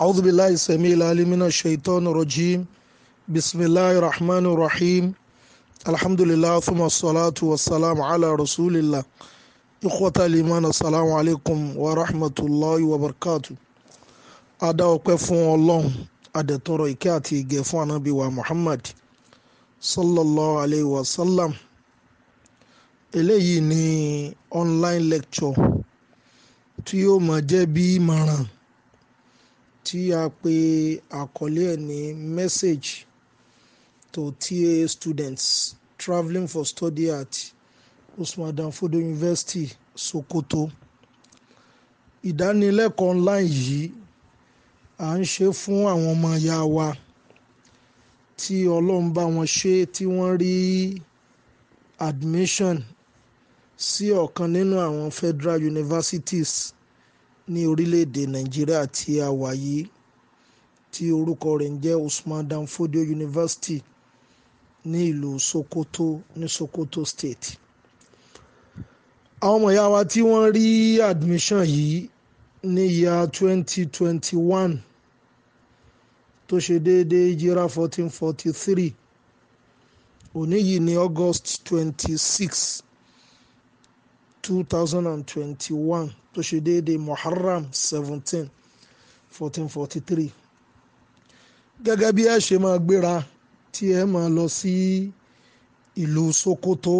أعوذ بالله السميع العليم من الشيطان الرجيم بسم الله الرحمن الرحيم الحمد لله ثم الصلاة والسلام على رسول الله إخوة الإيمان السلام عليكم ورحمة الله وبركاته ada ọpẹ́ الله Ọlọ́run adẹtọrọ ìkẹ́ àti ìgẹ́ fún Ànábì wa Muhammad sallallahu alayhi wa sallam eléyìí ni online lecture tí yóò máa jẹ́ tí a pè àkọlé ẹ̀ ní message to T.A. students travelling for study at Usman Danfodio University Sokoto ìdánilẹ́kọ̀ọ́ online yìí à ń ṣe fún àwọn ọmọ ìyá wa tí ọlọ́run bá wọn ṣe tí wọ́n rí admission sí ọ̀kan nínú àwọn federal universities ní orílẹ̀-èdè nàìjíríà tí a wà yìí tí orúkọ rẹ̀ ń jẹ́ usman dan university ní ìlú sokoto ní sokoto state àwọn ọmọ ìyá wa tí wọ́n rí admission yìí ní ìyá twenty tó ṣe déédéé jira 1443 forty three òní yìí ní august 26. 2021, thousand and tó ṣe déédéé muharram 17, 1443. forty-three gẹ́gẹ́ bí ẹ ṣe máa gbéra tí ẹ máa lọ sí ìlú Sokoto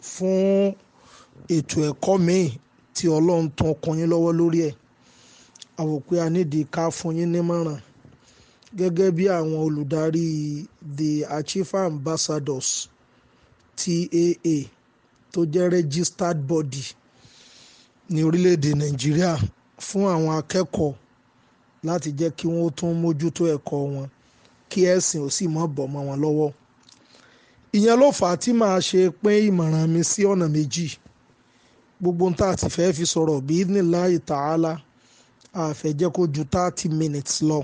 fún ètò ẹ̀kọ́ míì tí Ọlọ́run tún kún yín lọ́wọ́ lórí ẹ̀ àwò pé fún yín nímọ̀ràn gẹ́gẹ́ bí àwọn olùdarí the Achiever Ambassadors TAA tó jẹ́ registered body ní orílẹ̀-èdè nàìjíríà fún àwọn akẹ́kọ̀ọ́ láti jẹ́ kí wọ́n tún mójútó ẹ̀kọ́ wọn kí ẹ̀sìn ò sì mọ́ bọ̀ mọ́ wọn lọ́wọ́ ìyẹn ló fà á tí màá ṣe pín ìmọ̀ràn mi sí ọ̀nà méjì gbogbo ń tá a ti fẹ́ fi sọ̀rọ̀ bí níláì tààlà àfẹ́jẹ́ kó ju thirty minutes lọ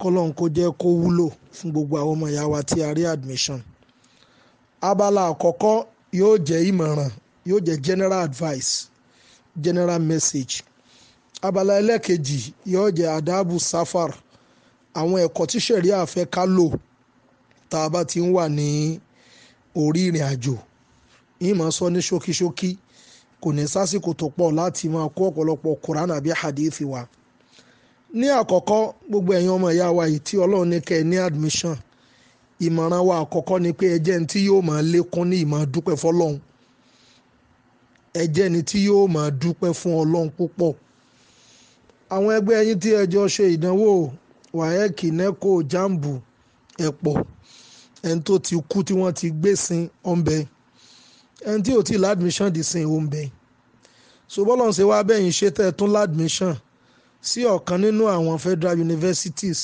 kọ́lọ́n kó jẹ́ kó wúlò fún gbogbo àwọn ọmọ ìyá wa tí a rí admission abala àkọ́kọ́ yóò jẹ́ ìmọ̀ràn yóò jẹ́ general advice general message abala ẹlẹ́kejì yóò jẹ́ adabu safar àwọn ẹ̀kọ́ tí sẹ̀ríà fẹ́ ká lò tá a bá ti ń wà ní orí ìrìn àjò ìmọ̀ sọ ní ṣókíṣókí kò ní sásìkò tó pọ̀ láti máa kó ọ̀pọ̀lọpọ̀ Quran àbí hadithi wa ní àkọ́kọ́ gbogbo ẹ̀yin ọmọ ìyá wa yìí tí Ọlọ́run ní kẹ́ ẹ ní admission ìmọ̀ràn wa àkọ́kọ́ ni pé ẹjẹ́ ni tí yóò máa lékún ní ìmọ̀ dúpẹ́ fọlọ́run ẹjẹ́ ni tí yóò máa dúpẹ́ fún ọlọ́run púpọ̀ àwọn ẹgbẹ́ yín tí ẹjọ́ ṣe ìdánwò wáyẹ́kì nẹ́kò jambu ẹ̀pọ̀ ẹni tó ti kú tí wọ́n ti gbé sin ọ̀nbẹ ẹni tí ò tí ládùmíṣàn dì sin ọ̀nbẹ ṣùgbọ́n ṣe wá bẹ́yìn ṣe tẹ́ ẹ tún ládùmíṣàn sí ọ̀kan nínú àwọn federal universities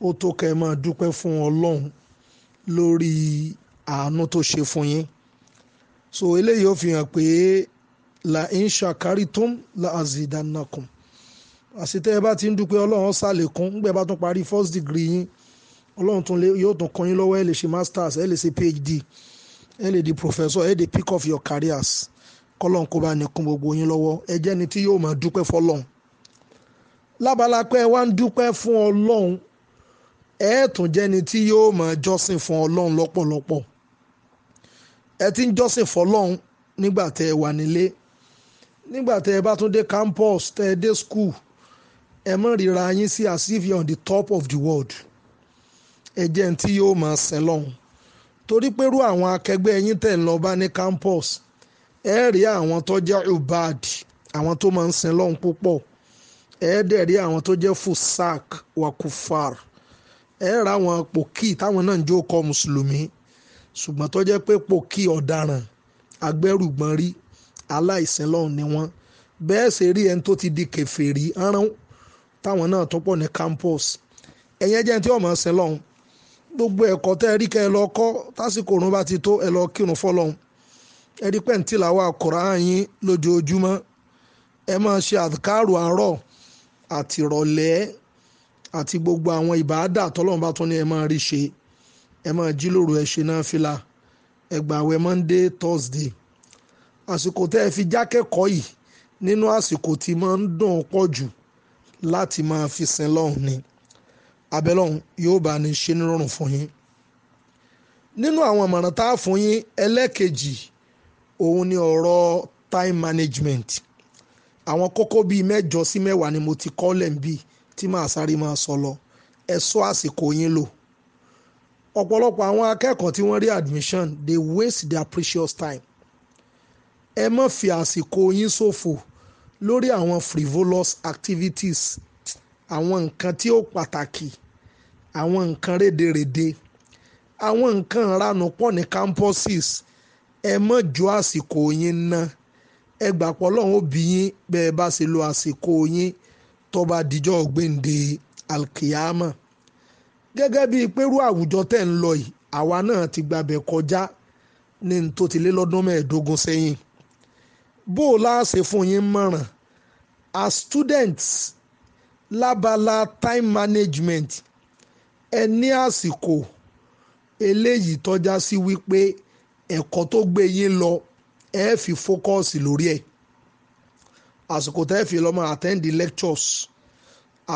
ó tó kẹ́ ẹ máa dúpẹ́ fún ọlọ́run lórí àánú tó ṣe fún yín so eléyìí ó fi hàn pé la in shakaritum la azidannakum àṣetẹ́ ẹ bá ti ń dúpẹ́ ọlọ́run ṣàlékún ńgbẹ́ bá tún parí first degree yín ọlọ́run tún yóò tún kọ́ yín lọ́wọ́ ẹ lè ṣe masters ẹ lè ṣe phd ẹ lè di professor ẹ lè pick off your careers kọ́lọ́n kó bá ní kún gbogbo yín lọ́wọ́ ẹ jẹ́ ni tí yóò máa dúpẹ́ fọlọ́run lábala pé ń dúpẹ́ fún ọlọ́run ẹ tún jẹ́ni tí yóò máa jọ́sìn fún ọlọ́run lọ́pọ̀lọpọ̀ ẹ ti ń jọ́sìn fọlọ́run nígbà tẹ́ ẹ wà nílé nígbà tẹ́ ẹ bá tún dé campus tẹ́ ẹ dé school ẹ mọ̀ ríra yín sí as if you on the top of the world ẹ jẹ́ ní tí yóò máa sìn lọ́hùn torí pé irú àwọn akẹgbẹ́ yín tẹ́ ń lọ bá ní campus ẹ rí àwọn tó jẹ́ ubad àwọn tó máa ń sìn lọ́hùn púpọ̀ ẹ dẹ̀ rí àwọn tó jẹ́ fusak wakufar ẹ ráwọn pòkì táwọn náà ń jó kọ mùsùlùmí ṣùgbọ́n tó jẹ́ pé pòkì ọ̀daràn agbẹ́rùgbọ́n rí aláìsìn lọ́hùn ni wọ́n bẹ́ẹ̀ ṣe rí ẹni tó ti di kèfèrí ọ̀rán táwọn náà tó pọ̀ ní campus ẹ̀yẹn jẹ́ tí ọmọ ṣe lọ́hùn gbogbo ẹ̀kọ́ tẹ́ ẹ rí kẹ́ ẹ lọ kọ́ tásìkò òrùn bá ti tó ẹ lọ kírun fọlọ́hùn ẹ rí pẹ́ǹtì làwọn àkùrán yín lójoojúmọ́ ẹ máa ṣe àdìkárò àárọ̀ àtìrọ̀lẹ́ àti gbogbo àwọn ìbáàdà tọ́lọ́run bá tún ní ẹ máa rí ṣe ẹ máa jí ẹ ṣe náà fìlà ẹ gbààwẹ̀ monday thursday àsìkò tẹ́ ẹ fi jákẹ́kọ̀ọ́ yìí nínú àsìkò tí máa ń dùn pọ̀ jù láti máa fi sin lọ́hùn ni abẹ́lọ́hùn yóò bá ní ṣe nírọ̀rùn fún yín nínú àwọn ìmọ̀ràn tá a fún yín ẹlẹ́ẹ̀kejì òun ni ọ̀rọ̀ time management àwọn kókó bíi mẹ́jọ sí mẹ́wàá ni mo ti kọ́ lẹ́ǹbíi tí màá sáré máa sọ lọ ẹ sọ àsìkò yín lò ọ̀pọ̀lọpọ̀ àwọn akẹ́kọ̀ọ́ tí wọ́n rí admission they waste their precious time ẹ má fi àsìkò yín ṣòfò lórí àwọn frivolous activities àwọn nǹkan tí ó pàtàkì àwọn nǹkan rédeèrède àwọn nǹkan ìranù pọ̀ ní campuses ẹ má jó àsìkò yín ná ẹ gbàpọ̀ lọ́hùn ó bí yín bẹ́ẹ̀ bá ṣe lo àsìkò yín tó bá dijọ́ alkiyama gẹ́gẹ́ bíi pẹ̀rú àwùjọ tẹ̀ ń lọ yìí àwa náà ti gbàbẹ̀ kọjá ní n tó ti lé lọ́dún mẹ́ẹ̀ẹ́dógún sẹ́yìn bó o láàṣẹ fún yín mọ̀ràn as students lábala time management ẹ ní àsìkò eléyìí tọ́já sí wípé ẹ̀kọ́ tó gbé yín lọ ẹ fi fókọ́ọ̀sì lórí ẹ̀. E àsìkò tẹ́ ẹ fi lọ́mọ attend the lectures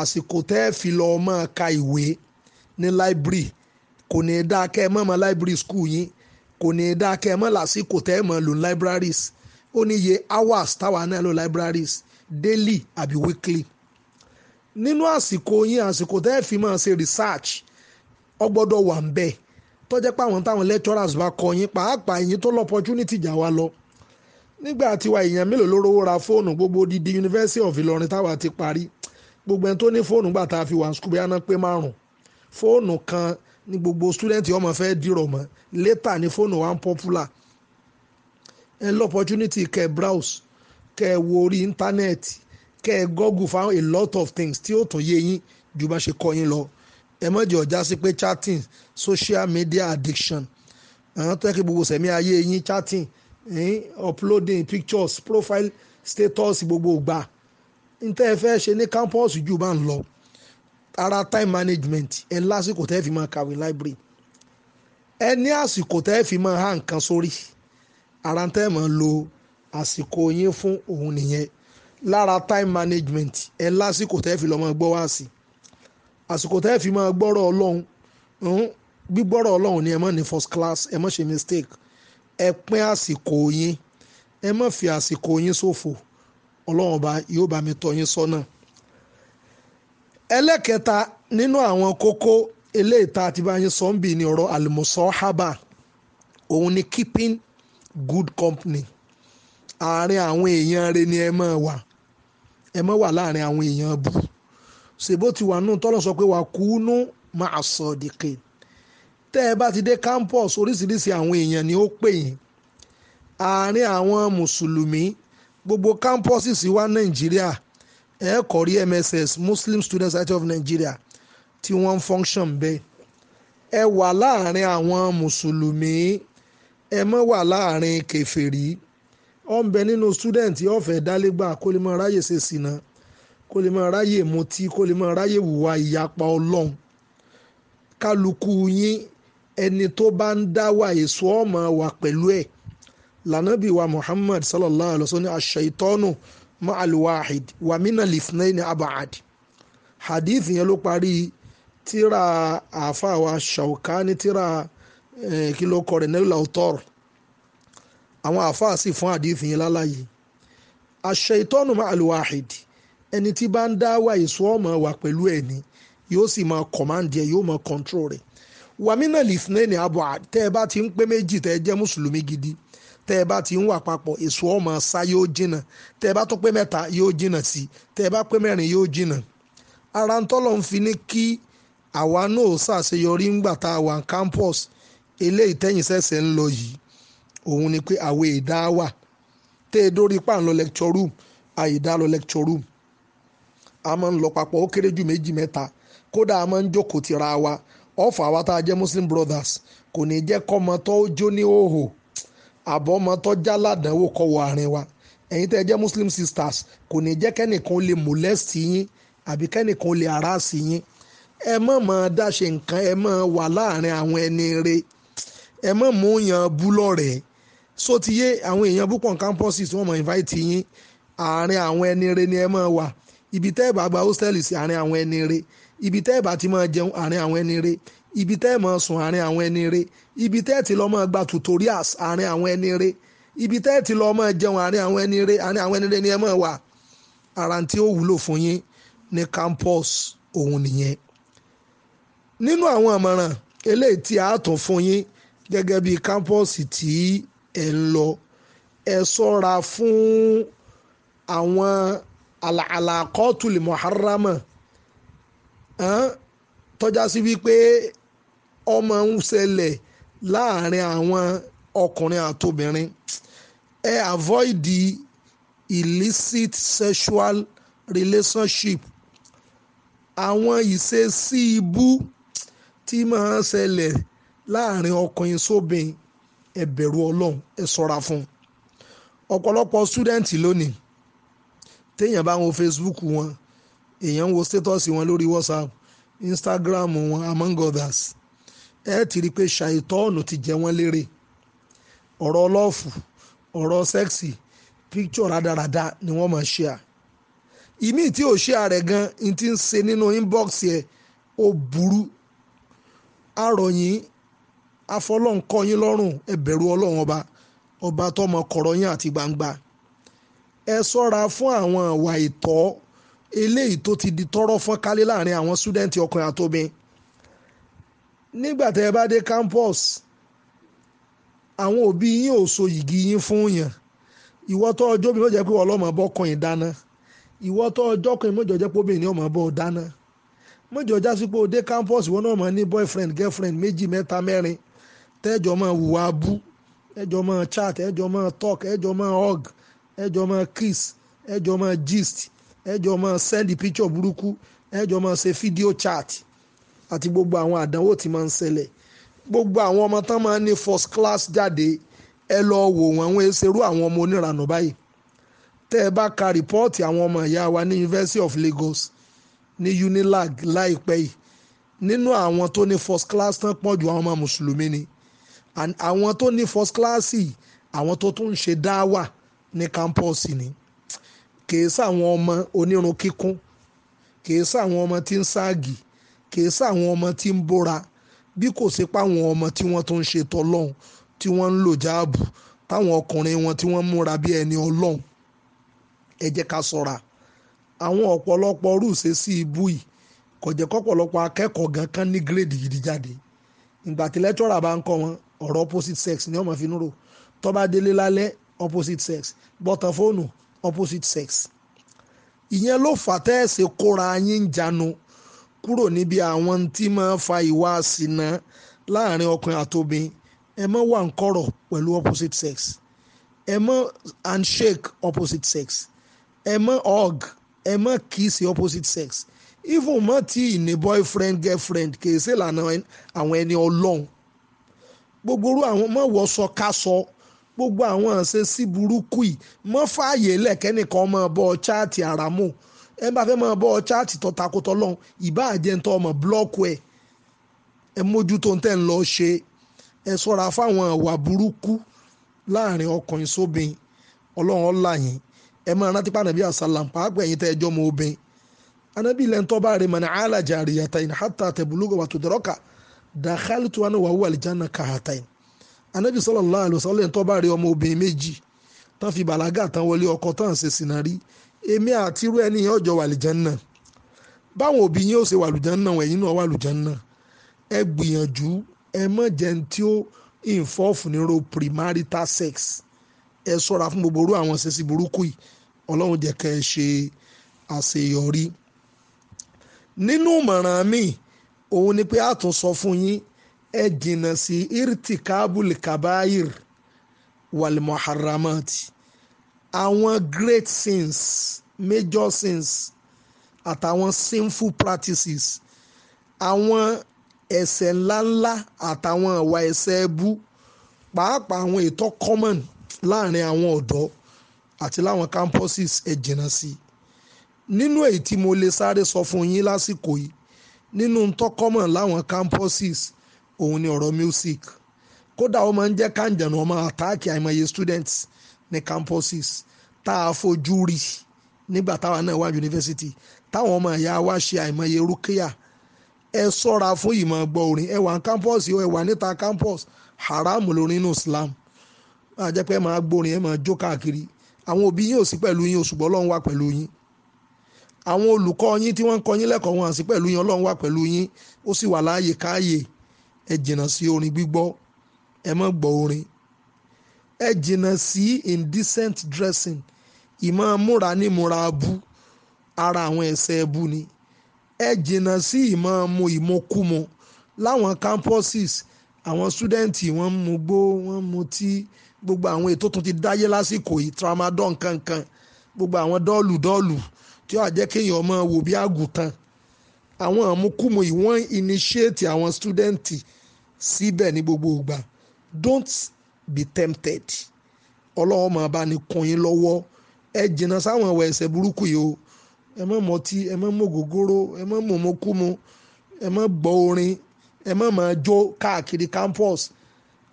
àsìkò tẹ́ ẹ fi lọ́mọ ka ìwé ní library kò ní dáa kẹ́ ẹ mọ̀ mọ́ library school yín kò ní dáa kẹ́ ẹ mọ̀ lásìkò tẹ́ ẹ mọ̀ lò libraries ó ní iye hours táwa náà lò libraries daily àbí weekly nínú àsìkò yín àsìkò tẹ́ ẹ fi máa ṣe research ọgbọ́dọ̀ wà ń bẹ̀ tó jẹ́ pé àwọn táwọn lecturers bá kọ yín pàápàá yín tó lọ́pọ̀tunity jà wá lọ nígbà tiwa èèyàn mélòó ló rówó ra fóònù gbogbo odidi University of Ìlọrin táwa ti parí gbogbo ẹni tó ní fóònù gbà tá a fi wà ní sukùl bí aná pé márùn fóònù kan ní gbogbo stúdẹ̀ntì ọmọ fẹ́ dìrọ̀ mọ́ létà ní fóònù wa ń popular ẹ opportunity kẹ́ browse kẹ́ wo orí íńtánẹ́ẹ̀tì kẹ́ google fáwọn a lot of things tí ó tún yé yín ju bá ṣe kọ́ yín lọ ẹ má jẹ́ sí pé chatting social media addiction àwọn tó yẹ kí gbogbo sẹ̀mí ayé yín chatting uploading pictures profile status gbogbo ìgbà níta ẹ fẹ́ ṣe ní campus jù bá ń lọ ara time management ẹ lásìkò tẹ́ fi máa kàwé library ẹ ní àsìkò tẹ́ fi máa há nǹkan sórí ara tẹ́ máa lo àsìkò yín fún òun nìyẹn lára time management ẹ lásìkò tẹ́ fi lọ́ọ́ máa gbọ́ wá sí àsìkò tẹ́ fi máa gbọ́rọ̀ ọlọ́run gbígbọ́rọ̀ ọlọ́run ni ẹ má ní first class ẹ má ṣe mistake ẹ pín àsìkò yín ẹ má fi àsìkò yín ṣòfò ọlọ́run ọba yóò bá mi tọ́ yín sọ́nà. ẹlẹ́kẹta nínú àwọn kókó eléyìí tá a sọ ń bì ní ọ̀rọ̀ àlùmọ̀sọ́hábà òun ni keeping good company àárín àwọn èèyàn rẹ ni ẹ máa wà ẹ máa wà láàrin àwọn èèyàn bù ṣèbó ti wà nù tọ́lọ̀ sọ pé wà kúnú máa sọ dìkejì tẹ́ ẹ bá ti dé campus oríṣiríṣi àwọn èèyàn ni ó pè yín àárín àwọn mùsùlùmí gbogbo campuses wa nàìjíríà ẹ kọ́ rí mss muslim student society of nigeria tí wọ́n ń function bẹ́ẹ̀ ẹ wà láàárín àwọn mùsùlùmí ẹ mọ́ wà láàárín kẹfẹ́rí ó ń bẹ nínú student ọ̀fẹ́ dálégbà kó lè máa ráyè ṣe sìnà kó lè máa ráyè mutí kó lè máa ráyè wùwà ìyapa ọlọ́run kálukú yín ẹni tó bá ń dá wà èso ọmọ wa pẹ̀lú ẹ̀ lànàbí wa muhammad sallallahu alaihi wa sallam aṣ-ṣaitọ́nù ma'al wahid wa mina lifnaini abad hadith yẹn ló parí tíra àáfàá wa Ṣaukani tíra kí ló kọ rẹ̀ nílò autor àwọn àáfàá sì fún hadith yẹn lálàyé aṣ-ṣaitọ́nù ma'al wahid ẹni tí bá ń dá wà èso ọmọ wa pẹ̀lú ẹ̀ ni yóò sì máa kọ̀máǹdì yóò máa kọ̀ntró rẹ̀ wàmínà lìfúnẹ́ ní abọ́ tẹ́ ẹ bá ti ń pé méjì tẹ́ ẹ jẹ́ mùsùlùmí gidi tẹ́ ẹ bá ti ń wà papọ̀ èso ọmọ ṣá yóò jìnà tẹ́ ẹ bá tó pé mẹ́ta yóò jìnà sí tẹ́ ẹ bá pé mẹ́rin yóò jìnà ara ń tọ́lọ̀ ń fi ní kí àwa náà ṣàṣeyọrí ńgbà tá a wà campus eléyìí tẹ́yìn ṣẹ̀ṣẹ̀ ń lọ yìí òun ni pé àwọ̀ èdá wà tẹ́ ẹ dórí pa à lọ lecture room àìdá lọ lecture room a máa ń lọ papọ̀ ó kéré ju méjì mẹ́ta kódà a máa ń jókòó tira wa ọ̀fọ̀ àwa tá a muslim brothers kò ní jẹ́ kọ́mọ tó jó ní òhò àbọ̀ ọmọ tó já ládàáwò kọ́ àárín wa ẹ̀yin tẹ́ ẹ muslim sisters kò ní jẹ́ kẹ́nìkan lè molest yín àbí kẹ́nìkan lè harass yín ẹ má máa dáṣe nǹkan ẹ má wà láàrin àwọn ẹni re ẹ má mú yàn bú lọ́rẹ̀ẹ́ so ti yé àwọn èèyàn púpọ̀ campuses wọ́n mọ̀ invite yín àárín àwọn ẹni re ni ẹ má wà ibi tẹ́ ẹ bá gba hostel sí àárín àwọn ẹni re ibi tẹ́ ẹ̀ bá ti máa jẹun àárín àwọn ẹni re ibi tẹ́ ẹ̀ máa sùn àárín àwọn ẹni re ibi tẹ́ ẹ̀ ti lọ máa gba tutorials àárín àwọn ẹni re ibi tẹ́ ẹ̀ ti lọ máa jẹun àárín àwọn ẹni re àárín àwọn ẹni re ni ẹ máa wà ara tí ó wúlò fún yín ní campus òun nìyẹn nínú àwọn àmọ̀ràn eléyìí tí a tún fún yín gẹ́gẹ́ bí campus tí ẹ ń lọ ẹ ṣọ́ra fún àwọn àlàkọ́tùlì mọ̀hárámà. Ala, tọ́já sí wípé ọmọ ń ṣẹlẹ̀ láàrin àwọn ọkùnrin àtobìnrin ẹ avoid illicit sexual relationship àwọn ìṣesí ibú tí máa ń ṣẹlẹ̀ láàrin ọkùnrin sóbìn ẹ bẹ̀rù ọlọ́run ẹ ṣọ́ra fún ọ̀pọ̀lọpọ̀ student lónìí téèyàn bá wọn Facebook wọn èèyàn ń wo sítọ́ọ̀sì wọn lórí whatsapp instagram wọn among others ẹ ti rí i pé ṣàìtọ́ọ̀nù ti jẹ wọ́n lérè ọ̀rọ̀ ọlọ́ọ̀fù ọ̀rọ̀ sẹ́ksì píkṣọ̀ rádaràda ni wọ́n máa ṣe à ìmí tí ò ṣe ààrẹ gan n ti ń ṣe nínú inbox yẹ ó burú àròyìn afọlọ́nkọyín lọ́rùn ẹ bẹ̀rù ọlọ́run ọba ọba tọmọ kọ̀rọ̀ yín àti gbangba ẹ sọ́ra fún àwọn àwà ìtọ́ eléyìí tó ti di tọrọ fọ́n kálí láàrin àwọn súdẹ́ǹtì ọkùnrin àtobin nígbàtà tẹ́ ẹ bá dé campus àwọn òbí yín ò so yìgì yín fún yàn ìwọ tó ọjọ́ mi ló jẹ́ pé ọlọ́mọ bọ́ kọyìn tó ọjọ́ kan mọ́jọ jẹ́ pé obìnrin ọmọ bọ́ dáná mọ́jọ já sí pé o dé campus ìwọ náà máa ní boyfriend girlfriend méjì mẹ́ta mẹ́rin tẹ́jọ́ máa bú ẹjọ́ chat ẹjọ́ talk ẹ jọ máa send picture burúkú ẹ jọ máa ṣe fídíò chat àti gbogbo àwọn àdánwò tí máa ń ṣẹlẹ̀ gbogbo àwọn ọmọ tán máa ní first class jáde ẹ lọ wò wọ́n àwọn eṣerú àwọn ọmọ oníranù báyìí tẹ́ ẹ bá ka rìpọ́ọ̀tì àwọn ọmọ ìyá wa ní University of Lagos ní Unilag láìpẹ́ yìí nínú àwọn tó ní first class tán pọ̀ ju àwọn ọmọ mùsùlùmí ni àwọn tó ní first class yìí àwọn tó tún ń ṣe dáwà ní kámpọ́ọ̀sì ni kìí sáwọn ọmọ onírun kíkún kìí sáwọn ọmọ tí ń ságì kìí sáwọn ọmọ tí ń bóra bí kò sí páwọn ọmọ tí wọ́n tó ń ṣe tọ́lọ́hún tí wọ́n ń lò jáàbù táwọn ọkùnrin wọn tí wọ́n múra bí ẹni ọlọ́hún ẹ jẹ́ ká sọ̀ra àwọn ọ̀pọ̀lọpọ̀ rúùsẹ̀ sí ibú yìí kò jẹ́ kọ́pọ̀lọpọ̀ akẹ́kọ̀ọ́ gan kan ní gírèdì gidi jáde ìgbà tí lẹ́tọ́rà bá ń kọ́ wọn ọ̀rọ̀ opposite sex ni wọ́n máa fi ń rò tó bá délé lálẹ́ opposite sex bọ́tàn fóònù opposite sex ìyẹn ló fà tẹ́ẹ̀sì kóra yín jánu kúrò níbi àwọn tí máa fa ìwà àsìnà láàrin ọkùnrin àtobin ẹ má wà ń kọ̀rọ̀ pẹ̀lú opposite sex ẹ má handshake opposite sex ẹ má hug ẹ má kiss opposite sex even mọ́ tí ìní boyfriend girlfriend kì í ṣèlànà àwọn ẹni ọlọ́run gbogbo irú àwọn mọ̀ wọ́ ká sọ. So, gbogbo àwọn àṣẹ sí burúkú yìí mọ́ fààyè lẹ́kẹ́nìkan máa bọ́ ọ chaati aramu ẹ bá fẹ́ máa bọ́ ọ chaati tó takotọ́ lọ́hùn ìbá àjẹntọ́ ọmọ búlọ́ọ̀kù ẹ̀ ẹ mójútó tẹ́ ń lọ ṣe ẹ sọ́ra fáwọn àwà burúkú láàrin ọkùnrin sóbin ọlọ́run ọ̀la yín ẹ máa rántí pa ànàbí àṣàlà pàápàá ẹ̀yin tẹ́ ẹjọ́ mọ obìn ànàbí ilẹ̀ ń tọ́ bá rè mọ̀ ní àríyàtà ìnáhàtà àtẹ̀bùlógò wàtò dọ́rọ́kà dàkálùtù wọn wà wù àlìjáná kàhàtà ìnáhàtà anabi sallallahu alaihi wasallam tó bá rí ọmọ obìnrin méjì tán fi bàlágà tán wọlé ọkọ tán ṣe sìnà rí èmi àti irú ẹni yẹn ọjọ́ wàlìjánná báwọn òbí yín ó ṣe wàlùjánná wọn ẹ̀yin náà wàlùjánná ẹ gbìyànjú ẹ má jẹ́ tí ó involve nírò primarital sex ẹ ṣọ́ra fún gbogbo orú àwọn ṣe sí burúkú yìí ọlọ́run jẹ́ kẹ́ ẹ ṣe àṣeyọrí nínú ìmọ̀ràn mi òun ni pé a fún yín ẹ jìnnà sí irtikabul kabair walmuharramat àwọn great sins major sins àtàwọn sinful practices àwọn ẹ̀ṣẹ̀ ńláńlá àtàwọn ìwà ẹ̀ṣẹ̀ ẹbú pàápàá àwọn ètò common láàrin àwọn ọ̀dọ́ àti láwọn campuses ẹ jìnnà sí nínú èyí tí mo lè sáré sọ fún yín lásìkò yìí nínú tó common láwọn campuses òun ni ọ̀rọ̀ music kódà ó máa ń jẹ́ káǹjẹ̀nù ọmọ àtáàkì àìmọye students ní campuses tá a fojú rí nígbà táwa náà wà yunifásitì táwọn ọmọ ìyá wa ṣe àìmọye rúkìá ẹ sọ́ra fún ìmọ̀ gbọ́ orin ẹ wà ní campus ẹ wà níta campus haram lórin inú Islam àjẹpẹ́ máa gbórin ẹ máa jó káàkiri àwọn òbí yín ò sí pẹ̀lú yín òṣùgbọ́ Ọlọ́run wà pẹ̀lú yín àwọn olùkọ́ yín tí wọ́n ń kọ́ yín lẹ́kọ̀ọ́ wọn àsí yín Ọlọ́run wà pẹ̀lú yín ó sì wà láàyè káàyè ẹ jìnnà sí orin gbígbọ́ ẹ má gbọ́ orin ẹ jìnnà sí indecent dressing ìmọ̀ múra ní múra abú ara àwọn ẹ̀ṣẹ̀ ẹbú ni ẹ jìnnà sí ìmọ̀ mu ìmọ̀kúmu láwọn campuses àwọn súdẹ́ǹtì wọ́n mu gbó wọ́n mu tí gbogbo àwọn ètò tó ti dáyé lásìkò yìí tramadol kankan gbogbo àwọn dọ́ọ̀lù dọ́ọ̀lù tí ó àjẹ́ kéèyàn ọmọ wò bí àgùntàn àwọn àmukùmù yìí initiate àwọn súdẹ́ǹtì síbẹ̀ ní gbogbo ìgbà don't be tempted ọlọ́wọ́ máa bá ní kun yín lọ́wọ́ ẹ jìnnà sáwọn ẹ̀wẹ̀ ẹ̀ṣẹ̀ burúkú yìí o ẹ má mọtí ẹ má mọ̀gògóró ẹ má mọ̀mọ́kúmu ẹ má gbọ́ orin ẹ má máa jó káàkiri campus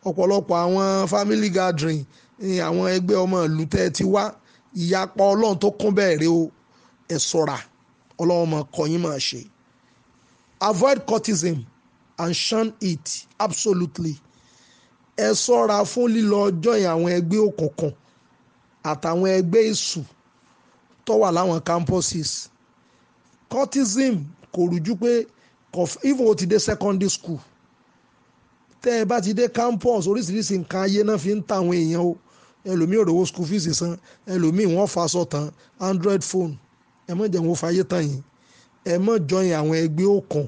ọ̀pọ̀lọpọ̀ àwọn family gathering ní àwọn ẹgbẹ́ ọmọ ìlú tẹ́ ẹ ti wá ìyapa ọlọ́run tó kún bẹ́ẹ̀ rí o ẹ ṣọ́ra ọlọ́run máa kọ́ yín máa ṣe avoid cultism and shun it absolutely ẹ sọ́ra fún lílọ join àwọn ẹgbẹ́ òkùnkùn àtàwọn ẹgbẹ́ èṣù tó wà láwọn campuses cultism kò rújú pé even o ti dé secondary school tẹ́ ẹ bá ti dé campus oríṣiríṣi nǹkan ayé náà fi ń tàwọn èèyàn o ẹlòmíì òrówó school fees san ẹlòmíì wọ́n fa sọ̀tàn android phone ẹ mọ̀ jẹ́ wọn fàyè tàn yín ẹ mọ̀ join àwọn ẹgbẹ́ òkùn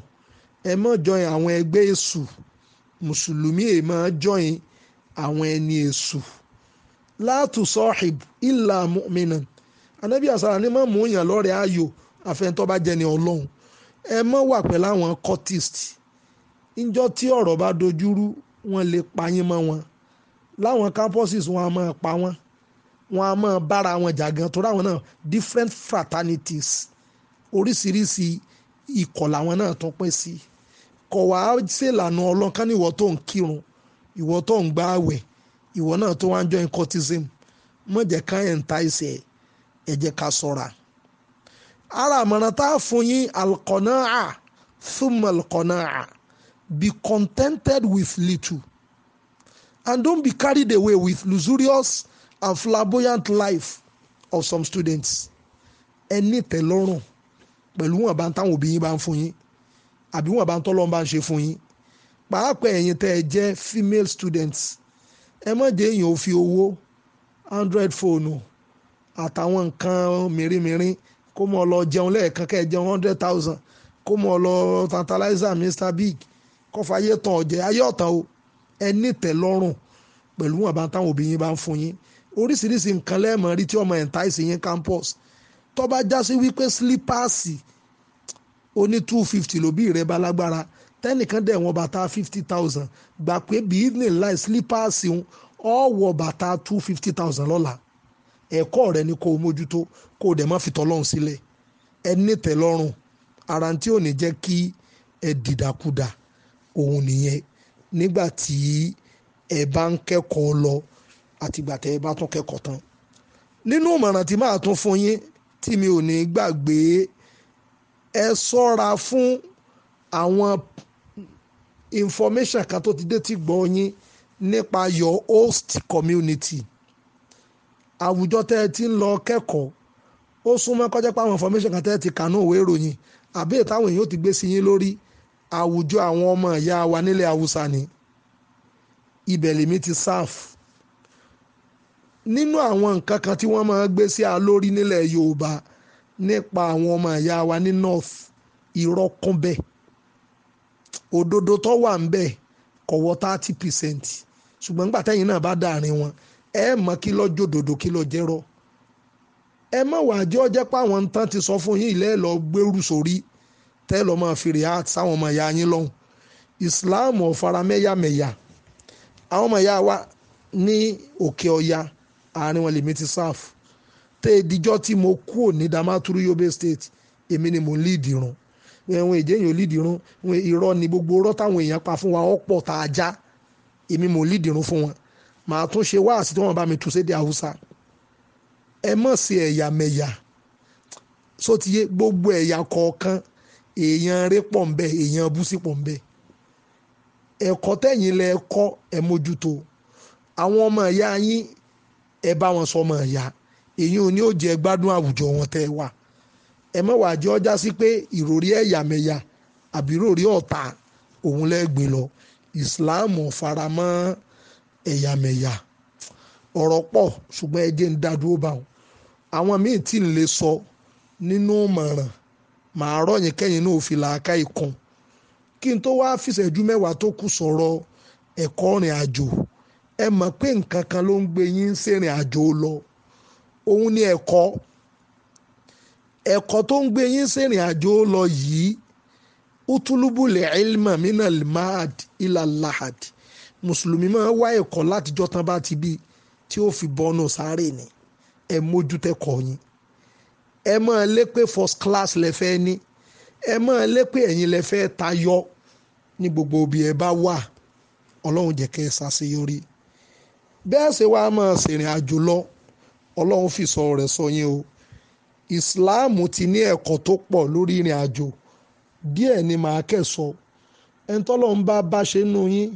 ẹ má join àwọn ẹgbẹ́ èṣù mùsùlùmí ẹ má join àwọn ẹni èṣù látù sọ́ọ̀hìb ìlà mọ́mìnà anábì àsàlà ni má mú yàn lọ́rẹ̀ẹ́ ayò àfẹ́ntọ́ bá jẹni ọlọ́run ẹ má wà pẹ̀lú àwọn cultist níjọ́ tí ọ̀rọ̀ bá dojúrú wọ́n lè payín mọ́ wọn láwọn campuses wọn a máa pa wọn wọn a máa bára wọn jà tó ráwọn náà different fraternities oríṣiríṣi ìkọ̀ làwọn náà tún pín sí. Si kọ̀ wá ṣèlànà ọlọ́run ká ní ìwọ tó ń kírun ìwọ tó ń gba àwẹ̀ ìwọ náà tó wá ń join cultism mọ̀ jẹ́ ká ẹ̀ ń ta ẹsẹ̀ ẹ̀ jẹ́ ká sọ̀ra. ara àmọ̀ràn tá a fún yín alqanaa thumma alqanaa be contented with little and don't be carried away with luxurious and flamboyant life of some students ẹ ní ìtẹ́lọ́rùn pẹ̀lú wọn bá ń táwọn òbí yín bá ń fún yín àbí wọn bá ń tọ́lọ́ bá ń ṣe fún yín pàápàá ẹ̀yin tẹ́ ẹ jẹ́ female students ẹ má jẹ́ èèyàn ò fi owó android phone àtàwọn nǹkan mìíràn kó mọ̀ lọ jẹun lẹ́ẹ̀kan kẹ́ ẹ jẹun hundred thousand kó mọ̀ lọ tantalizer mr big kọfà ayé tán ọ̀jẹ̀ ayé ọ̀tàn o ẹ nítẹ̀ lọ́rùn pẹ̀lú wọn bá táwọn òbí yín bá ń fún yín oríṣiríṣi nǹkan lẹ́ẹ̀mọ́ rí tí ọmọ entice yín campus tó bá já wípé slípáàsì o ní two fifty lòbí rẹ bá lágbára tẹ́nìkan dẹ̀ wọ́n bàtà fifty thousand gbà pé bíínì láì slípáàsì ń ọ̀wọ̀ bàtà two fifty thousand lọ́la ẹ̀kọ́ rẹ ni kò mójútó kò dẹ̀ má fi tọ́lọ́run sílẹ̀ ẹ nítẹ̀ lọ́rùn ara tí ò ní jẹ́ kí ẹ dìdàkudà òun nìyẹn nígbà tí ẹ bá ń kẹ́kọ̀ọ́ lọ àtìgbà tẹ́ ẹ bá tún kẹ́kọ̀ọ́ tán nínú ìmọ̀ràn tí máa tún fún yín tí mi ò ní gbàgbé ẹ ṣọ́ra fún àwọn information kan tó ti dé ti gbọ́ yín nípa your host community àwùjọ tẹ́ ẹ ti ń lọ kẹ́kọ̀ọ́ ó súnmọ́ kọjá pé àwọn information kan tẹ́ ẹ ti kà náà òwe ìròyìn àbí ìtàwọn èèyàn ó ti gbé sí yín lórí àwùjọ àwọn ọmọ ìyá wa nílẹ̀ haúsá ni ibẹ̀ lèmi ti sáf nínú àwọn nǹkan kan tí wọ́n máa ń gbé sí a lórí nílẹ̀ yorùbá nípa àwọn ọmọ ìyá wa ní north irọ́ kún bẹ́ẹ̀ òdodo tó wà ń bẹ̀ kọ̀wọ́ thirty percent ṣùgbọ́n nígbà tẹ́yìn náà bá dàrin wọn ẹ mọ̀ kí ló jòdòdò kí ló jẹ́rọ́ ẹ mọ̀ wàá jẹ́ ọjẹ́ pé àwọn tán ti sọ fún yín ilé lọ gbèrú sórí tẹ́ lọ́ máa fi react sáwọn ọmọ ìyá yín lọ́hùn Islam ọ̀fara mẹ́yàmẹ̀yà àwọn ọmọ ìyá wa ní òkè ọya àárín wọn lèmi ti sáfù tẹ́ ẹ dijọ́ tí mo kúrò ní Damaturu Yobe State èmi ni mo ń lead irun ẹ̀wọ̀n èjì èèyàn lead irun irọ́ ni gbogbo irọ́ táwọn èèyàn pa fún wa ọ̀pọ̀ tá a já èmi mo lead irun fún wọn màá tún ṣe wáàsí tí wọ́n bá mi tu sédè Haúsá ẹ mọ̀ sí ẹ̀yàmẹ̀yà sótìyé gbogbo ẹ̀yà kọ̀ọ̀kan èèyàn rẹ pọ̀ ń bẹ èèyàn búsí pọ̀ ń bẹ ẹ̀kọ́ tẹ̀yìn lẹ kọ́ mójútó àwọn ọmọ ìyá yín ẹ bá wọn sọ ọmọ ìyá èyí ò ní ó jẹ gbádùn àwùjọ wọn tẹ́ wà ẹ mọ̀ wá jẹ́ ọjà sí pé ìròrí ẹ̀yàmẹ̀yà àbí ròrí ọ̀tá òun lẹ́gbẹ̀ lọ Islam faramọ́ ẹ̀yàmẹ̀yà ọ̀rọ̀ pọ̀ ṣùgbọ́n ẹ ń dá dúró bá wọn àwọn míì tí ń lè sọ nínú mọ̀ràn màá rọ̀yìn kẹ́yìn náà fi làákà ikùn kí n tó wá fìṣẹ́jú mẹ́wàá tó kù sọ̀rọ̀ ẹ̀kọ́ rìn àjò ẹ mọ̀ pé nǹkan kan ló ń gbé yín sẹ́rìn àjò lọ òun ni ẹ̀kọ́ ẹ̀kọ́ tó ń gbé yín sẹ́rìn àjò lọ yìí utulubule ilma minal mahad ila lahad mùsùlùmí máa wá ẹ̀kọ́ látijọ́ tán bá ti bí tí ó fi bọ́nù sáré ni ẹ mójútẹ́kọ̀ yín ẹ máa lé pé first class lẹ́fẹ́ ní ẹ máa lé pé lè lẹ́fẹ́ tayọ ní gbogbo ibi ẹ bá wà ọlọ́run jẹ́ kẹ́ ẹ ṣàṣeyọrí bẹ́ẹ̀ ṣe wá máa ṣèrìn àjò lọ ọlọ́run fi sọ rẹ̀ sọ yín o ìsìláàmù ti ní ẹ̀kọ́ tó pọ̀ lórí ìrìn àjò díẹ̀ ni màá kẹ́sọ ẹni tọ́lọ́run bá bá ṣe nù yín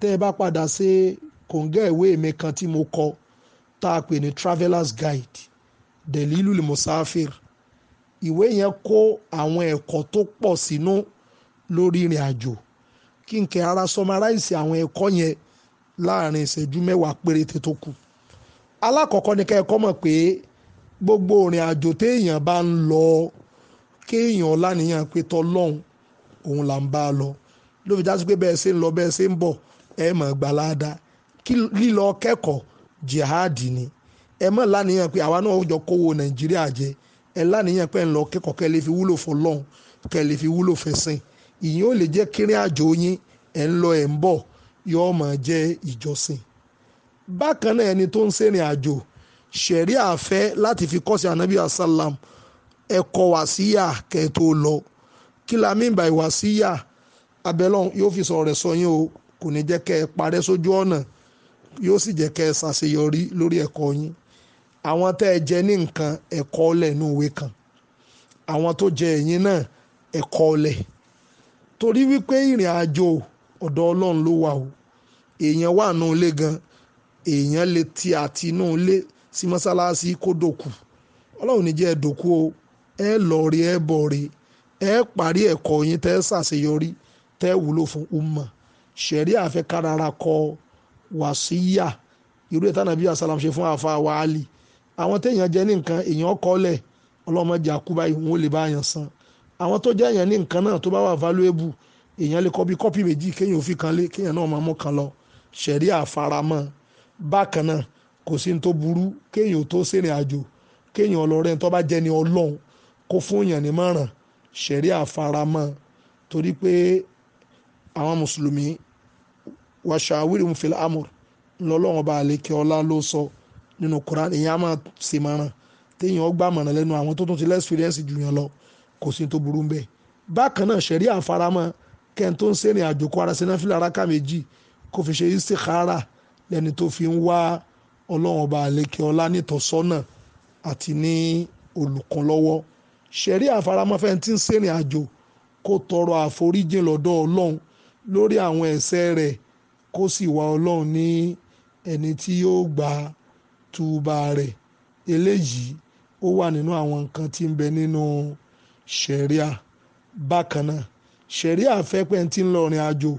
tẹ́ ẹ bá padà ṣe kòǹgẹ́ ìwé mi kan tí mo kọ tá a pè ní traveller's guide delilu musafir ìwé yẹn kó àwọn ẹ̀kọ́ tó pọ̀ sínú lórí ìrìn àjò kí n kẹ́ ara sọmaráìsì àwọn ẹ̀kọ́ yẹn láàrin ìṣẹ́jú mẹ́wàá péréte tó kù. alákọ̀ọ́kọ́ ni kẹ́ẹ̀kọ́ mọ̀ pé gbogbo òrìn àjò téèyàn bá ń lọ kéèyàn láníyàn pé tọ́lọ́hún òun là ń bá lọ ló fi jásí pé bẹ́ẹ̀ ṣe ń lọ bẹ́ẹ̀ ṣe ń bọ̀ ẹ mọ̀ ni ẹ mọ̀ láníyàn pé àwa náà jọ kówó jẹ ẹ láníyàn pé ń lọ kẹ́kọ̀ọ́ kẹ́ lè fi wúlò fún kẹ́ lè fi wúlò ò lè jẹ́ bákan náà ẹni tó ń ṣèrìn àjò ṣẹ̀rí àfẹ́ láti fi kọ́ sí anabi asalam ẹ̀kọ́ wàsíyà kẹ́ tó lọ kí la mean by wàsíyà abẹ́lọ́n yóò fi sọ̀rọ̀ rẹ̀ sọ yín o kò ní jẹ́ kẹ́ ẹ parẹ́ sójú ọ̀nà yóò sì jẹ́ kẹ́ ẹ ṣàṣeyọrí lórí ẹ̀kọ́ yín àwọn tẹ́ ẹ jẹ ní nǹkan ẹ̀kọ́ ọ̀lẹ̀ ní òwe kan àwọn tó jẹ ẹ̀yìn náà ẹ̀kọ́ ọ̀lẹ̀ torí wípé ìrìn àjò ọ̀dọ̀ ọlọ́run ló wà o èèyàn wà nù ilé gan-an èèyàn lè ti àti inú ilé sí mọ́sálásí kó dòkù ọlọ́run ní jẹ́ ẹ dòkú o ẹ lọ rí ẹ bọ̀ rí ẹ parí ẹ̀kọ́ yín tẹ́ ṣàṣeyọrí tẹ́ wúlò fún umma ṣẹ̀rí àfẹ́kárara kọ wàsíyà irú ẹ̀ tánàbí àsálàm ṣe fún àfa wàhálì àwọn téèyàn jẹ́ ní nǹkan èèyàn kọ́lẹ̀ ọlọ́mọdé àkúbá yìí wọn ò lè bá yàn san àwọn tó jẹ́ èèyàn ní nǹkan náà tó bá wà valuable èèyàn lè kọ́ bí kọ́pì méjì kéèyàn ò fi kan lé kéèyàn náà máa mú kan lọ ṣẹ̀rí àfaramọ́ bákan náà kò sí ní tó burú kéèyàn tó ṣèrìn àjò kéèyàn ọlọ́rẹ́ tó bá jẹ́ ni ọlọ́run kó fún yàn ní mọ̀ràn ṣẹ̀rí àfaramọ́ torí pé àwọn mùsùlùmí wàṣàwìrì ń fil amur lọ́lọ́run bá àlékè ọlá ló sọ nínú Quran èèyàn á máa ṣe mọ̀ràn téèyàn gbà mọ̀ràn lẹ́nu àwọn tó tún ti lẹ́sìfìrẹ́sì jù yàn lọ kò sí ní tó burú bẹ́ẹ̀ bákan náà ṣẹ̀rí àfaramọ́ kẹ́ni ń ṣèrìn àjò kó ara ṣe náà ara ká méjì kó fi ṣe istikhara lẹ́ni tó fi ń wá ọlọ́run ọba àlekè ọlá nítọ́sọ́nà àti ní olùkan lọ́wọ́ ṣẹ̀rí àfaramọ́fẹ́ tí ń ṣèrìn àjò kó tọrọ àforíjìn lọ́dọ̀ ọlọ́run lórí àwọn ẹ̀ṣẹ̀ rẹ̀ kó sì wá ọlọ́run ní ẹni tí yóò gba túbà rẹ̀ eléyìí ó wà nínú àwọn nǹkan tí ń bẹ nínú ṣẹ̀ríà bákan náà ṣẹ̀ríà fẹ́ pé ń lọ àjò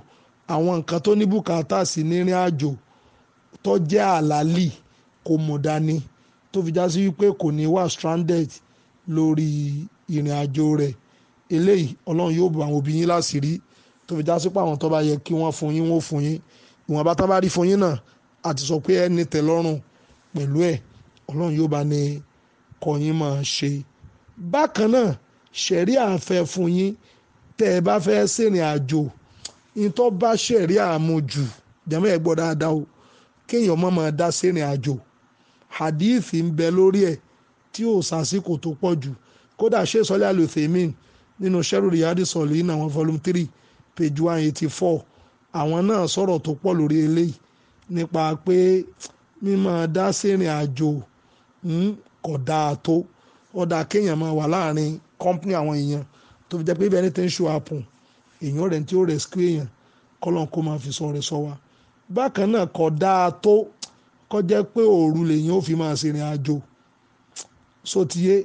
àwọn nǹkan tó ní bùkátà sí ní àjò tó jẹ́ àlálì kó mú dání tó fi já sí wípé kò ní wà stranded lórí ìrìn àjò rẹ̀ eléyìí ọlọ́run yóò bò àwọn òbí yín láṣìírí tó fi já sí pé àwọn tó bá yẹ kí wọ́n fún yín wọ́n fún yín ìwọ̀nba tá bá rí fún yín náà àti sọ pé ẹni tẹ́ pẹ̀lú ẹ̀ ọlọ́run yóò bá ní kọ́ yín máa ṣe bákan náà ṣẹ̀rí àfẹ́ fún yín tẹ́ ẹ bá fẹ́ ṣèrìn àjò ìtọ́ bá ṣẹ̀rí àmujù jẹ́mọ́ ẹ̀ gbọ́ dáadáa o kéèyàn mọ́ máa dá sẹ́rìn àjò hadithi ń bẹ lórí ẹ̀ tí ò sàsìkò tó pọ̀ jù kódà ṣé sọlẹ́ àlùfẹ́mìn nínú sẹ́rù rìádì sọ̀lì ní àwọn volume three page one eighty four àwọn náà sọ̀rọ̀ tó pọ̀ lórí eléyìí nípa pé mímọ́ dá sẹ́rìn àjò hmm, kò dáa tó ọ̀dà kéèyàn máa wà láàrin kọ́ńpìnì àwọn èèyàn tó fi jẹ́ pé ibẹ̀ ní ti ń ṣù àpùn èèyàn rẹ̀ tí ó rescue èèyàn kọ́lọ́n kó máa fi sọ sọ wa bákan náà kò dáa tó kó jẹ́ pé òru lèyìn ó fi máa ṣèrìn àjò sotiye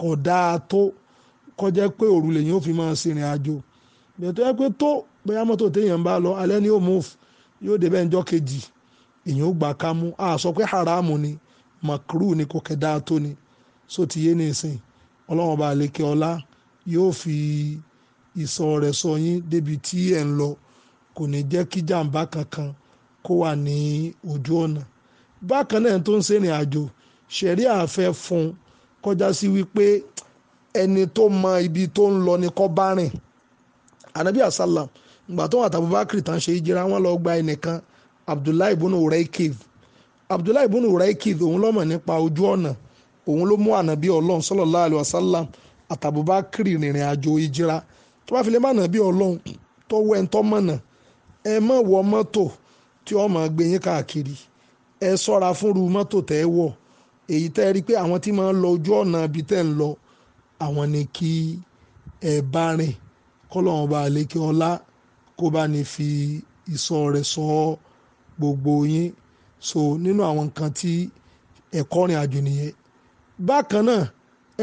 kò dáa tó kó jẹ́ pé òru lèyìn ó fi máa ṣèrìn àjò bẹ̀tọ́ yẹ pé tó bóyá mọ́tò téèyàn bá lọ alẹ́ ni ó move yóò débẹ̀ ńjọ́ kejì èyàn ó gbà ká a sọ pé haramu ni makru ni kò kẹ̀dá tó ni sotiye ní ìsìn ọlọ́run ọba àlekè ọlá yóò fi ìsọ̀ rẹ̀ sọ yín débi tí ẹ̀ ń lọ. kò ní jẹ́ kí jàǹbá kankan kó wà ní ojú ọ̀nà bákan náà tó ń ṣèrìn àjò ṣẹ̀ríà fẹ́ fún un kọjá sí wípé ẹni tó mọ ibi tó ń lọ ni kọ́ bá rìn anabi asalam ìgbà tó wà tàbúbákìrì tán ṣe ìjìra wọn lọ gba ẹnìkan abdullahi ibùnú raikiv abdullahi ibùnú raikiv òun lọ́mọ̀ nípa ojú ọ̀nà òun ló mú anabi ọlọ́run sallallahu asalam wasallam àtàbúbákìrì rìnrìn àjò ìjìra tó bá fi lè má nàbí ọlọ́run tó wẹ́ ń tọ́ mọ̀nà ẹ má wọ mọ́tò tí ó máa gbé yín káàkiri ẹ sọ́ra fúnru mọ́tò tẹ́ wọ̀ èyí tẹ́ rí pé àwọn tí máa ń lọ ojú ọ̀nà ibi tẹ́ ń lọ àwọn ni kí ẹ bá rìn kọ́lọ́run bá lè kí ọlá kó bá ní fi ìṣọ́ rẹ̀ sọ gbogbo yín so nínú àwọn nǹkan tí ẹ̀kọ́ rìn àjò nìyẹn bákan náà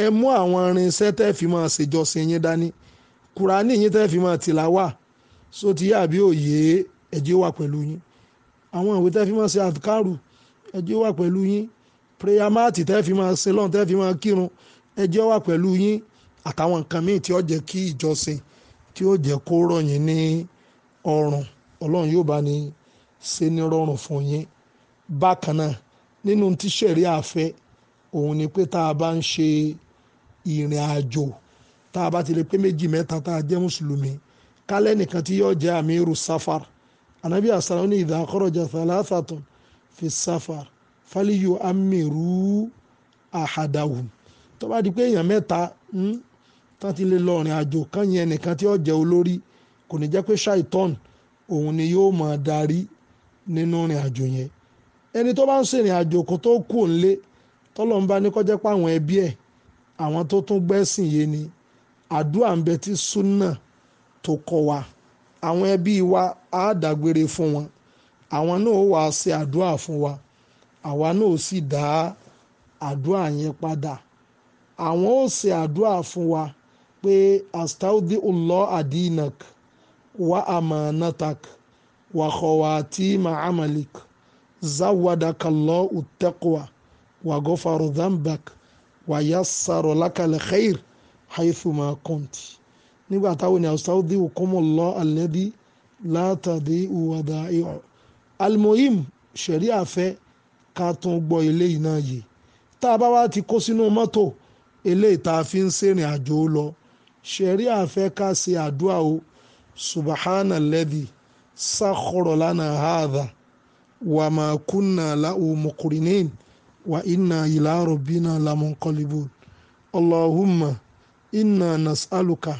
ẹ mú àwọn irinṣẹ́ tẹ́ fi máa ṣèjọsìn yín dání kùránì yín tẹ́ fi máa tìlà wà so ti yá àbí òye ẹ̀jẹ̀ wà pẹ̀lú yín àwọn ìwé tẹ́ fi máa ṣe àdìkárù ẹ̀jẹ̀ wà pẹ̀lú yín prayer mat tẹ́ fi máa ṣe lọ́n tẹ́ fi máa kírun ẹ̀jẹ̀ wà pẹ̀lú yín àtàwọn nǹkan míì tí ó jẹ́ kí ìjọsìn tí ó jẹ́ kó rọ̀ ní ọrùn ọlọ́run yóò bá ní ṣe ní rọrùn fún yín bákan náà nínú tí sẹ̀rí àfẹ́ òun ni pé tá a bá ń ṣe ìrìn àjò tá a bá ti lè pé méjì mẹ́ta tá a jẹ́ mùsùlùmí kálẹ̀ nìkan tí yóò jẹ́ amiru safar anabi asalaam ní idha kharaja thalathatun fi safar faliyu amiru ahadahum tó bá di pé èèyàn mẹ́ta hmm, tán ti lè lọ ìrìn àjò kan yẹn nìkan tí ó jẹ́ olórí kò ní jẹ́ pé shaitan òun ni yóò máa darí nínú ìrìn àjò yẹn ẹni tó bá ń ṣe ìrìn àjò kó tó kù ńlé tọ́lọ́ ń bá ní kọjá pé ẹbí ẹ̀ àwọn tó tún gbẹ́sìn yé ni àdúrà ń bẹ tí súnà tó kọ́ wa àwọn ẹbí wa á dágbére fún wọn àwọn náà wà á ṣe àdúrà fún wa àwa náà ó sì dá àdúrà yẹn padà àwọn ó ṣe àdúrà fún wa pé astaudi ullọ adinak wa amanatak wa khawati ma'amalik zawadakalọ utaqwa wa gofaru wa yassaro lakal khair kunti nígbà táwọn ní astaudi kọ́mọ lọ alẹ́bí látàdé ìwàdà ìhàn almohim ṣẹ̀rí àfẹ́ ká tún gbọ́ eléyìí náà yìí tá a bá wá ti kó sínú mọ́tò eléyìí tá a fi ń ṣèrìn àjò lọ ṣẹ̀rí àfẹ́ ká ṣe àdúrà o subahana lẹ́dí sákọ̀rọ̀ lánàá hàdà wàmà kùnà làwùmùkùrìnìn wà iná ìlàrọ̀ bínà làmùkọ́lìbù allahumma inna nas'aluka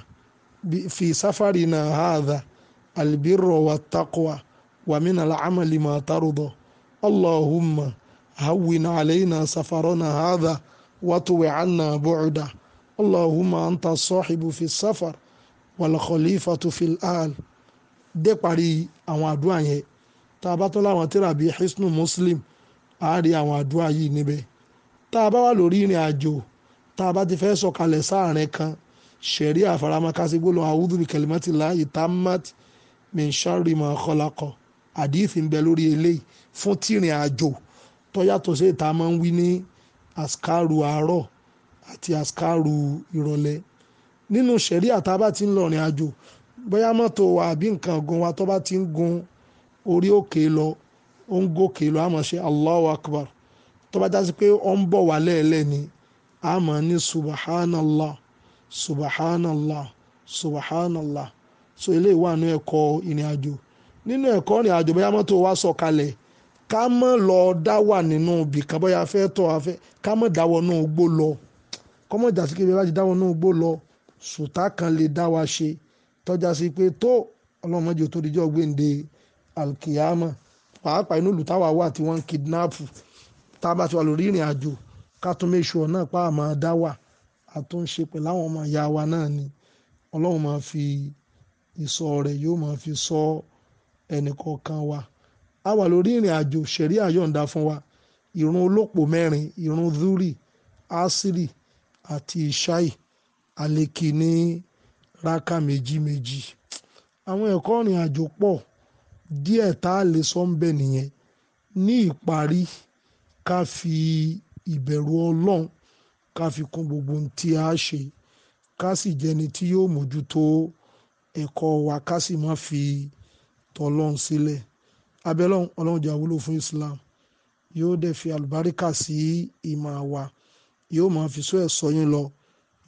في سفرنا هذا البر والتقوى ومن العمل ما ترضى اللهم هون علينا سفرنا هذا وطو عنا بعده اللهم أنت الصاحب في السفر والخليفة في الآل dé parí àwọn àdúrà yẹn tá a bá tán láwọn tíra bíi hisnu muslim á rí àwọn àdúrà yìí níbẹ̀ tá a bá wà lórí ìrìn àjò tá a bá ti fẹ́ sọ̀kalẹ̀ sáàrin kan ṣẹ̀rí àfaramọ́kásí gbólóhùn àwùdù bí kẹlẹ́mọ́tì la tamat mẹ́ńsárì mọ́ ọkọlákọ àdìsí ń bẹ lórí eléyìí fún tìrìn àjò tó yàtọ̀ sí ìta máa ń wí ní àsìkárù àárọ̀ àti àsìkárù ìrọ̀lẹ́ nínú ṣẹ̀rí àtàbà tí ń lọ rìn àjò bóyá mọ́tò wa àbí nǹkan ọ̀gùn wa tó bá ti ń gun orí òkè lọ ó ń gòkè lọ àmọ́ ṣe Allahu Akbar tó bá já sí pé ó ń bọ̀ wá lẹ́ẹ̀lẹ́ ni àmọ́ ní subhanallah subhanallah subhanallah so eléyìí wà nínú ẹ̀kọ́ ìrìn àjò nínú ẹ̀kọ́ ìrìn àjò bóyá mọ́tò wa sọ̀kalẹ̀ ká mọ́ lọ dá wà nínú ibì kan bóyá fẹ́ tọ̀ afẹ́ ká mọ́ dáwọ́ náà gbó lọ kọ́mọ̀ jà sí kí bíbá ti dáwọ́ náà gbó lọ sùtá kan lè dá wa ṣe tọ́já sí pé tó ọlọ́mọdé tó dijọ́ gbéǹde alkiyama pàápàá inú olùtàwà wà tí wọ́n kidnap tá a bá ti wà lórí ìrìn ká tún mẹ́sùn náà pa àmọ́ dá wà àtúnṣe pẹ̀lú àwọn ọmọ ìyá wa náà ni ọlọ́run máa fi ìsọ rẹ̀ yóò máa fi sọ ẹnìkọ̀ọ̀kan wa a wà lórí ìrìn àjò ṣẹ̀rí àyọ̀ǹda fún wa ìrun olóòpó mẹ́rin ìrun zuri asiri àti ishai aleki ní raka méjì méjì àwọn ẹ̀kọ́ ìrìn àjò pọ̀ díẹ̀ tá a lè sọ ń bẹ̀ nìyẹn ní ìparí ká fi ìbẹ̀rù ọlọ́run ká fi kún gbogbo ohun tí a ṣe ká sì jẹni tí yóò mójútó ẹ̀kọ́ wa ká sì má fi tọlọ́run sílẹ̀ abẹ́lọ́run ọlọ́run jẹ́ àwúlò fún Islam yóò dẹ̀ fi àlùbáríkà sí ìmọ̀ àwa yóò máa fi sọ ẹ̀sọ́ yín lọ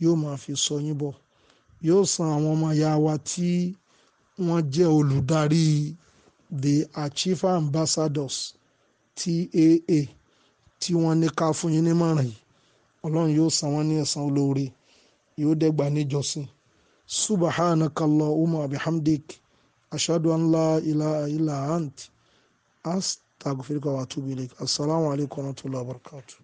yóò máa fi sọ yín bọ̀ yóò san àwọn ọmọ ìyá wa tí wọ́n jẹ́ olùdarí the achiever ambassadors TAA tí wọ́n ní ká fún yín nímọ̀ràn yìí ọlọ́run yóò san wọ́n ní ẹ̀san olóore yóò dẹ́gbà níjọsìn subhanaka allahumma bihamdik ashhadu an la ilaha illa ant astaghfiruka wa atubu ilaik assalamu alaikum wa rahmatullahi wa barakatuh.